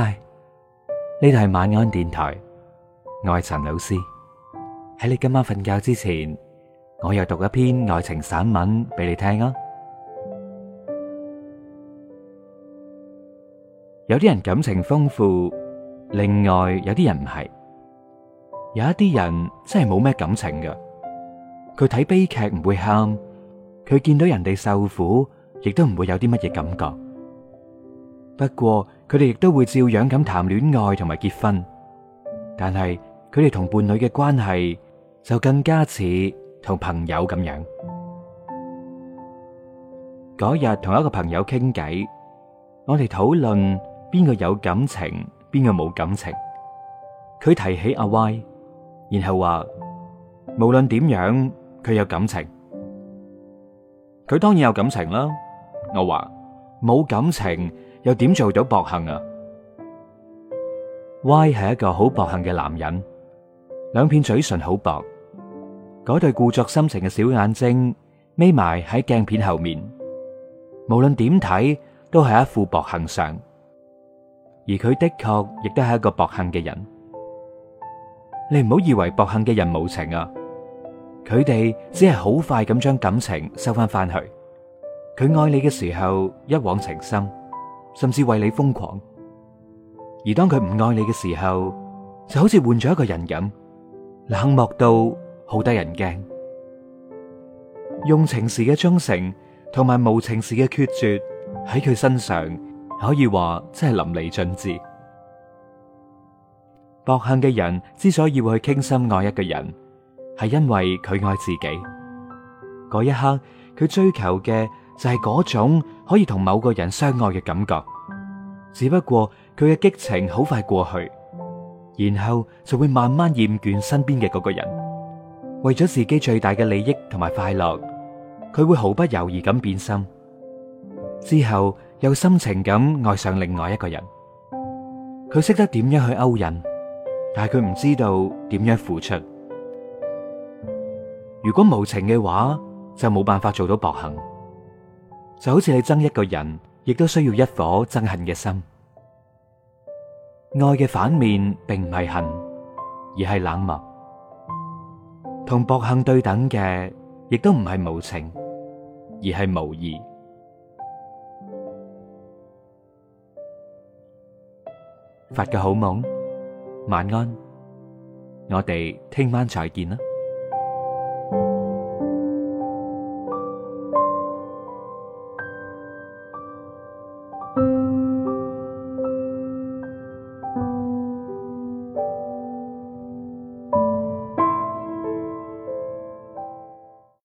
嗨，呢度係晚安電台，我係陳老師。喺你今晚瞓覺之前，我又讀一篇愛情散文俾你聽啊。 有啲人感情豐富，另外有啲人唔係，有一啲人真係冇咩感情嘅。佢睇悲劇唔會喊，佢見到人哋受苦，亦都唔會有啲乜嘢感覺。不過，佢哋亦都會照樣咁談戀愛同埋結婚，但係佢哋同伴侶嘅關係就更加似同朋友咁樣。嗰日同一個朋友傾偈，我哋討論邊個有感情，邊個冇感情。佢提起阿 Y，然後話無論點樣佢有感情，佢當然有感情啦。我話冇感情。又點做到薄幸啊？Y 係一個好薄幸嘅男人，兩片嘴唇好薄，嗰對故作深情嘅小眼睛眯埋喺鏡片後面，無論點睇都係一副薄幸相。而佢的確亦都係一個薄幸嘅人。你唔好以為薄幸嘅人冇情啊，佢哋只係好快咁將感情收翻翻去。佢愛你嘅時候一往情深。甚至為你瘋狂，而當佢唔愛你嘅時候，就好似換咗一個人咁，冷漠到好得人驚。用情時嘅忠誠同埋無情時嘅決絕，喺佢身上可以話真係淋漓盡致。薄幸嘅人之所以會去傾心愛一個人，係因為佢愛自己。嗰一刻佢追求嘅就係嗰種可以同某個人相愛嘅感覺。只不過佢嘅激情好快過去，然後就會慢慢厭倦身邊嘅嗰個人。為咗自己最大嘅利益同埋快樂，佢會毫不猶豫咁變心，之後又深情咁愛上另外一個人。佢識得點樣去勾引，但係佢唔知道點樣付出。如果無情嘅話，就冇辦法做到薄幸。就好似你憎一個人。亦都需要一顆憎恨嘅心。愛嘅反面並唔係恨，而係冷漠；同薄幸對等嘅，亦都唔係無情，而係無義。發個好夢，晚安，我哋聽晚再見啦。